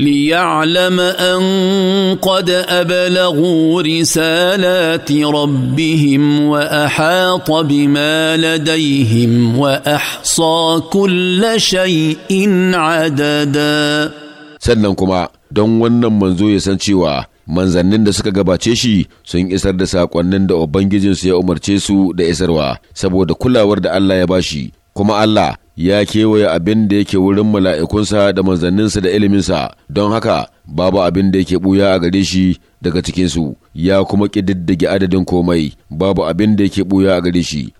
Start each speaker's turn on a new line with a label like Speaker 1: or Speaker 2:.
Speaker 1: ليعلم ان قد ابلغوا رسالات ربهم واحاط بما لديهم واحصى كل شيء عددا
Speaker 2: sannan kuma don wannan manzo ya san cewa manzannin da suka gabace shi sun isar da saƙonnin da ubangijinsu ya umarce su da isarwa saboda kulawar da Allah ya bashi kuma Allah ya kewaye abin da yake wurin mala'ikunsa da manzanninsa da iliminsa don haka babu abin da yake buya a gare shi daga cikinsu ya kuma ƙididdige adadin komai babu abin da yake buya a gare shi